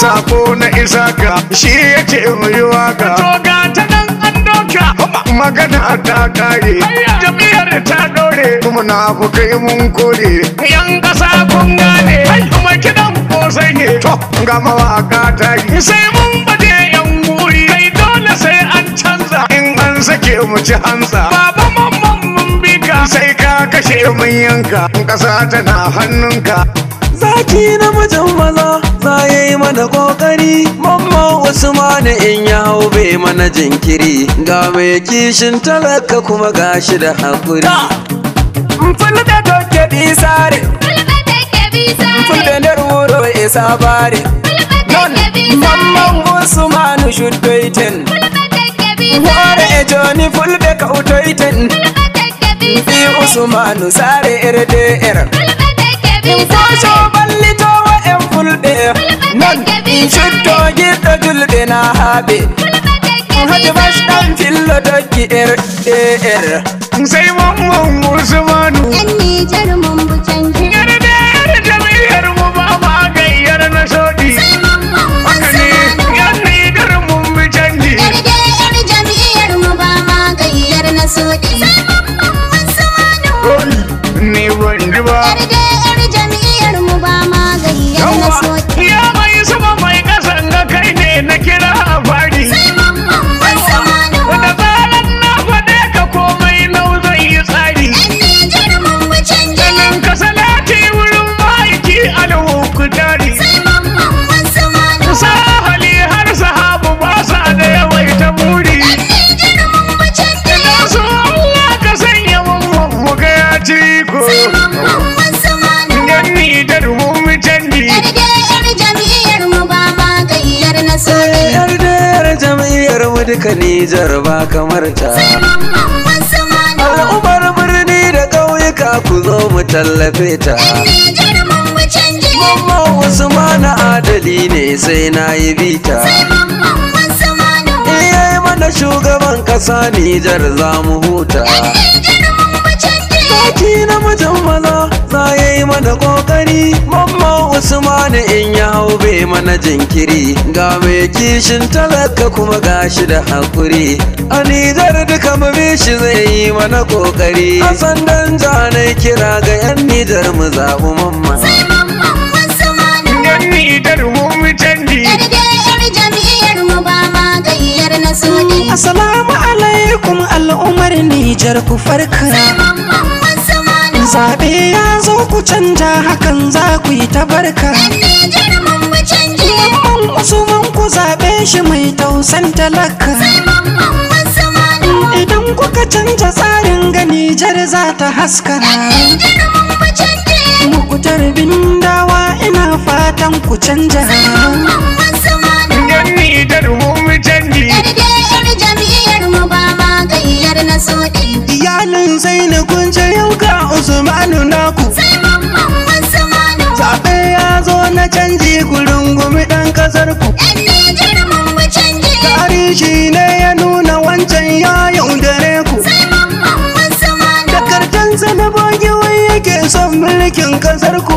sako na isaka shi ya ce rayuwa ga toga ta nan an doka magana ta kare jami'ar ta dore muna bukai mun kore yan kasa kun gane kuma kidan kosai ne to ga mawaka ta yi sai mun bade yan guri kai dole sai an canza in an sake mu ci hansa baba mamman mun bika sai ka kashe mun yanka kasa tana hannunka zaki namijin maza za ya yi mana kokari mamma usman in ya hau bai mana jinkiri ga mai kishin talaka kuma gashi da hakuri fulbe doke bisare fulbe da ruro isa bare non mamman usman shuddoitin ware e joni fulbe kautoitin bi usman sare irde ir fulbe in fasho ballito wa yan fulɓe nan in shuddo giɗɗo julɓe na haaɓe hadi bash ɗan fillo doggi er er sai mun mun musulmanu yan nijar mun bu canji ciko yan nidar mu mutanni yarda yar jam'iyyar mu ba ma gayyar yar mu duka nijar ba kamar ta al'ummar birni da ƙauyuka ku zo mu tallafe ta Mamman wasu mana adali ne sai na yi bita. Iyayi mana shugaban ƙasa Nijar za mu huta. mutum maza za ya yi mana kokari mamma usman in ya hau bai mana jinkiri ga mai kishin talaka kuma gashi da hakuri a duka duka shi zai yi mana kokari a sandan jana kira ga yan nijar mu zaɓi mamma mu Assalamu alaikum al'ummar Nijar ku farka. zaɓe ya zo ku canja hakan za ku yi ta barka wasu ku zaɓe shi mai tausan talaka idan kuka canja tsarin gani jar za ta haska mukutar bindawa ina fatan ku canja Yan Nijar mun canji. gayyar na so ɗin. Iyalin sai na kunce yau ga Usmanu naku. Sai mamman Usmanu. Zaɓe ya zo na canji ku rungumi ɗan ƙasar ku. Yan Nijar mun mu canji. Tarihi ne ya nuna wancan ya yaudare ku. Sai mamman Usmanu. Da sa na bogi wai yake son mulkin ƙasar ku.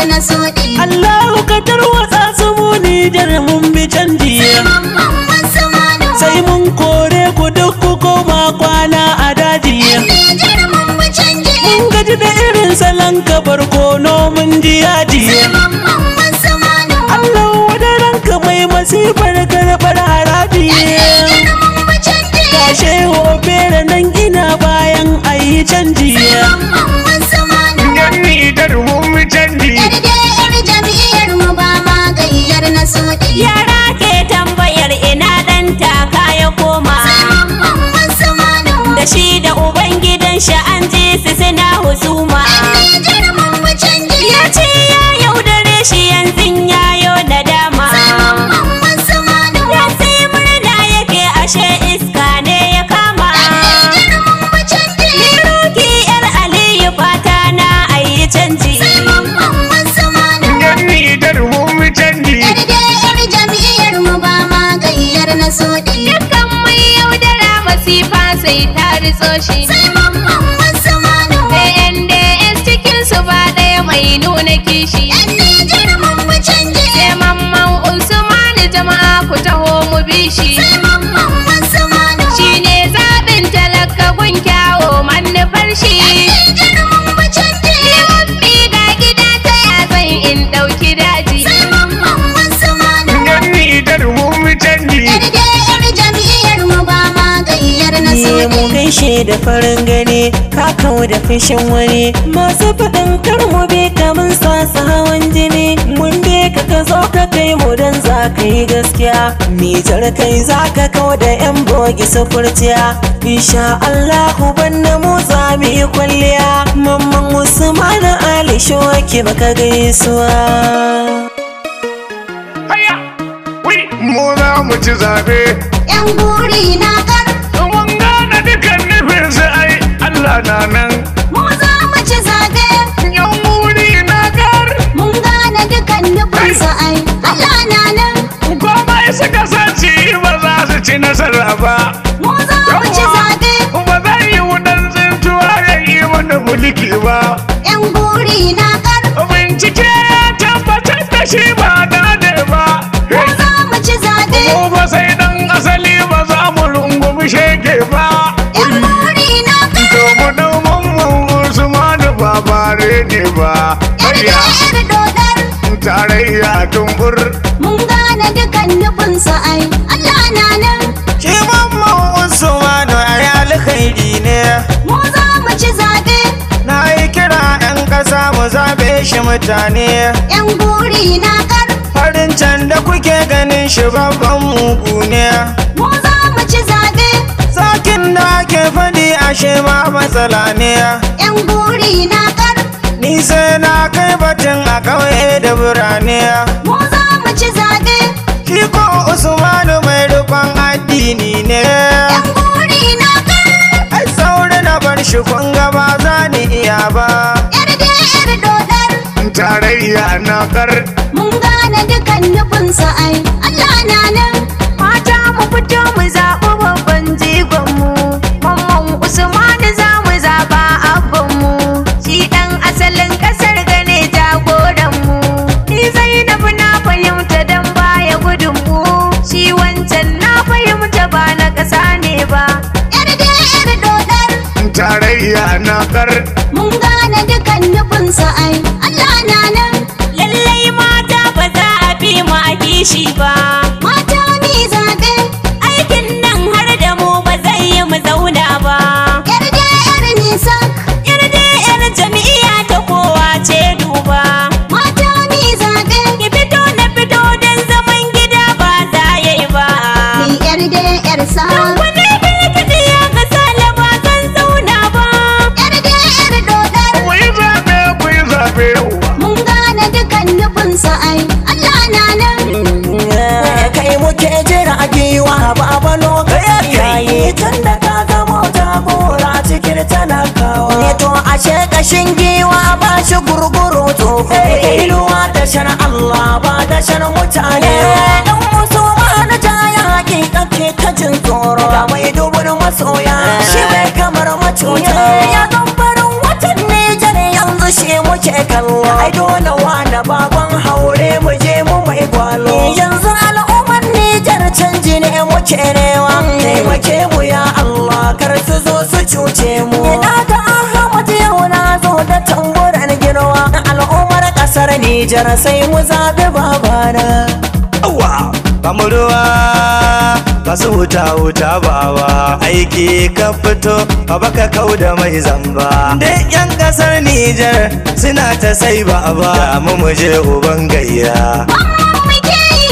har na so din Allahu ka tarwatsa su mu mun bi canji Sai mun kore ku duk ku koma kwana a daji Mun gaji da irin salon ka barkono mun ji yaji Allah wadaranka mai masifar karɓar haraji Gashe hobe nan ina bayan ayi canji canji. Yar jam'iyyar mu ba ma gayyar na soki. iya. ke ta masoɗi dukkan mai yaudara masifa sai ta ritso shi sai mamman wasu manu ands cikin su ba ɗaya mai nuna kishi yan ne mun mu canje sai mamman usmanu jama'a ku taho mu bi shi kishe da farin gani ka kawo da fishin wani masu faɗin kar mu bi kamun sa su hawan jini mun bi ka ka zo ka kai mu dan za ka yi gaskiya mitar kai za ka kawo da yan bogi sufurciya insha Allahu banna mu za mu yi kwalliya mamman Usman Ali shoki baka gaisuwa Mu za mu ci Yan buri na ka ne ba Yarda yar dodar Tarayya tumbur Mun gane dukan nufinsa ai Allah na nan Shi mamma ma'un ma da ya alkhairi ne Mu za mu ci zaɓe Na yi kira 'yan ƙasa mu zabe shi mutane 'Yan guri na kar Farin can da kuke ganin shi babban mugu ne Mu za mu ci zaɓe Sakin da ke faɗi ashe ma matsala ne 'Yan guri na a ƙauye da birane mu za mu ci zaɓe shi ko usmanu mai rufan addini ne yan buri na kan ai sauri na bar shi kun gaba za ni iya ba yarda yar dodar tarayya na kar mun gane dukan nufinsa ai allah na nan fata mu fito mu zaɓi babban jigo kar mun gane dukan nufin sa ai Allah na nan lallai mata ba za a bi mu a kishi ba Shin giwa ba shi gurguru to inuwa da shan Allah ba da shan mutane dan musu ma na jaya hakika ta jin tsoro ga mai dubun masoya shi bai kamar macuta ya zan farin watan Nijar yanzu shi muke kallo ai dole wani baban haure mu je mu mai gwalo yanzu al'ummar Nijar canji ne muke newa taimake Nijar sai mu zaɓi babana. Awa, ruwa ba su wuta wuta baba aiki ka fito ba baka kau da mai zamba. Duk 'yan kasar Nijar suna ta sai baba mu mu je uban gayya.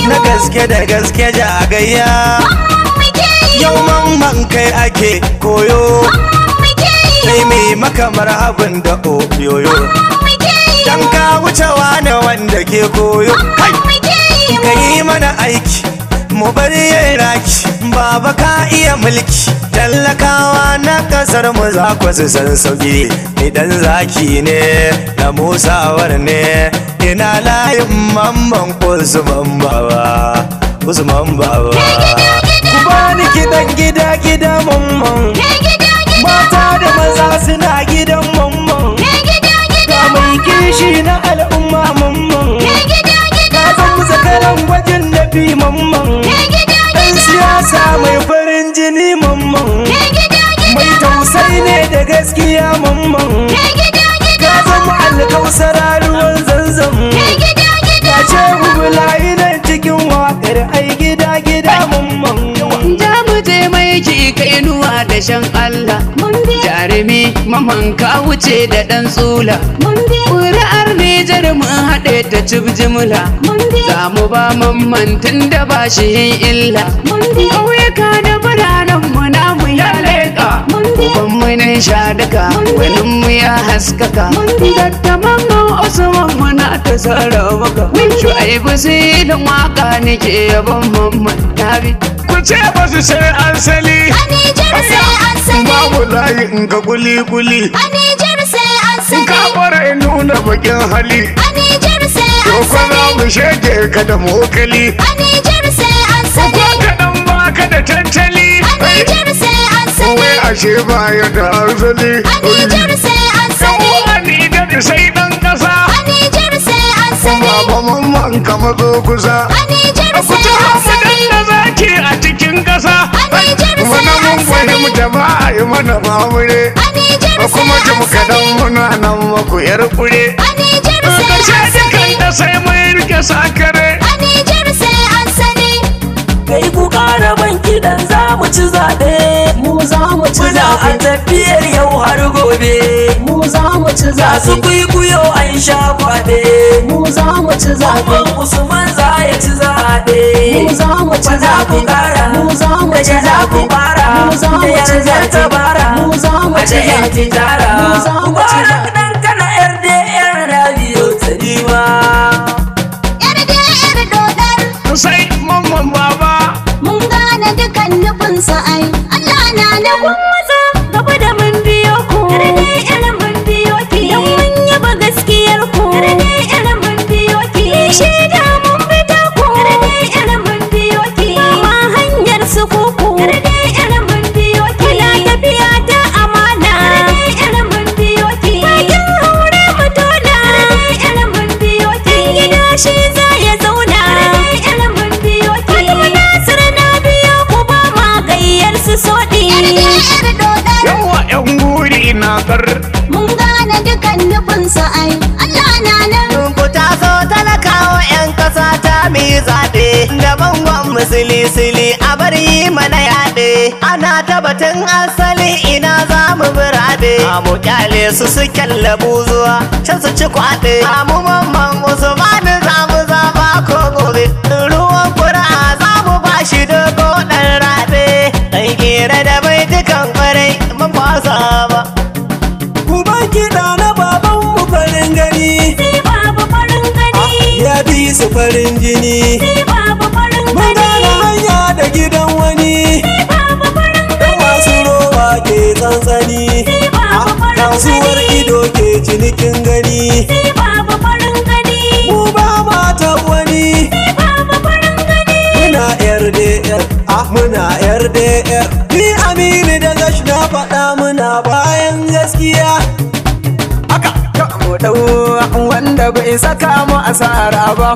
Na gaske da gaske ja gayya. Yau man man kai ake koyo. Sai mai makamar abin da oyoyo. dan ka wuce wani wanda ke koyo ka yi mana aiki mu bari ya raki baba ka iya mulki tallakawa na kasar mu za ku su san sauki ni dan zaki ne na musawar ne ina layin mamman ko zuman baba su baba ku bani gidan gida gida mamman mata da maza suna gidan mamman mai kishi na al'umma mamman ka zama zakaran gwajin bi mamman ɗan siyasa mai farin jini mamman mai tausayi ne da gaskiya mamman ka alkausar alkausara ruwan zanzan ka ce hubula cikin waƙar ai gida gida mamman ja muje je mai ki kai nuwa da shan Allah jarumi maman ka wuce da ɗan tsula ƙuri'ar Nijar mun haɗe ta cib jimla za mu ba mamman tun da ba shi yin illa ƙauyuka da biranen mu na mu ya leƙa uban mu sha wani mu ya haskaka Dattama ta tsara maka shu'aibu sai da waka ke yabon mamman tabi ku ce ba su sai an sali a Nijar sai an sali babu layi in ga guli guli a Nijar sai an sali ka bara in nuna bakin hali a Nijar sai an sali ko za mu shege ka da mokali a Nijar sai an sali ko ka dan baka da tantali a Nijar sai an sali wai ashe baya da arzali a Nijar sai an sali ko a Nijar sai an mamman ka matso kusa a Nijar sai asali da zaki a cikin ƙasa a Nijar sai asali mun fahimta ba a yi mana mamure a Nijar sai asali kuma jim kadan muna nan maku yar kure a Nijar sai asali ƙarshe dukan da sai mai rike sakare a Nijar sai asali kai ku ƙara ban kiɗan za mu ci zaɓe mu za mu ci zaɓe muna a tafiyar yau har gobe ci su kuyo an sha kwaɓe mu za mu ci zaɓe usman za ya ci zaɓe mu za mu ci mu za mu ci mu za mu ci mu za mu ci mu za mu ci zaɓe ta dima yar da yar dodar sai mamman baba mun gane dukan ai Allah na batun asali ina za mu birabe a mu kyale su su kyallabu zuwa can su ci kwaɗe a mu mamman ni za mu zaba ko gobe ruwan kura za mu ba shi dogo ɗan rabe ɗan kera da mai dukan kwarai mun fasa ba. ki kiɗa na baban mu farin gani. Si babu farin gani. Ah, ya bi su farin jini. Si babu farin gani. Mun gane hanya da gidan wani. tsantsani kasuwar ido ke cinikin gani mu ba mata wani muna rdr muna rdr ni aminu da gash na faɗa muna bayan gaskiya ɗau wanda bai saka mu asara ba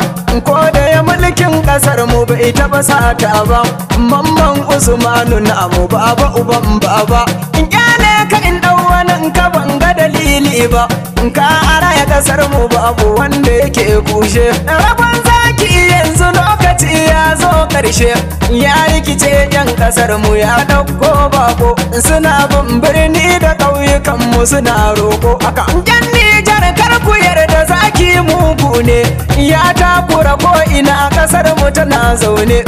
ko da ya mulkin ƙasarmu mu bai taɓa ta ba mamman usmanu na mu baba uban baba in kyale ka in ɗau ka ban ga dalili ba in ka araya ƙasar mu babu wanda yake kushe rabon zaki yanzu lokaci ya zo ƙarshe ya rikice yan ƙasarmu mu ya dauko bako suna bin birni da ƙauyukanmu mu suna roƙo aka biyar kar ku yarda zaki mugu ne ya takura ko ina kasar mu tana zaune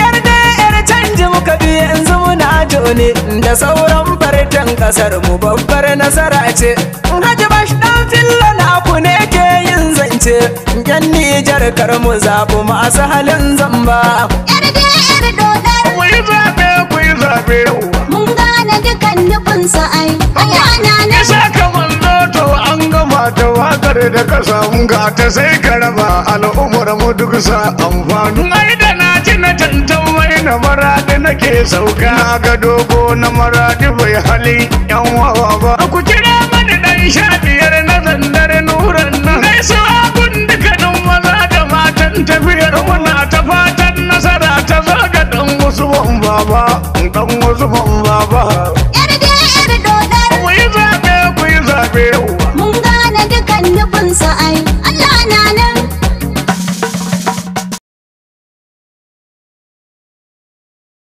yar da yar canji muka bi yanzu muna jone da sauran fartan kasar mu babbar nasara ce Haji bash dan filla na ku ne ke yin zance yan Nijar kar mu zabu masu halin zamba yar da yar dodar ku yi zabe ku yi zabe mun gane dukan nufin sa'ai ayana na ta wakar da ka samu ga ta sai ka raba al'ummar mu duk sa amfani mai da na ci na tantan mai na maradi nake sauka na ga dogo na maradi bai hali yan wawa ba ku kira mani dan sha biyar na zandar nuran nan kai sabon dukkanin maza da matan tafiyar muna ta fatan nasara ta zo ga dan wasu ban baba dan wasu ban baba sao anh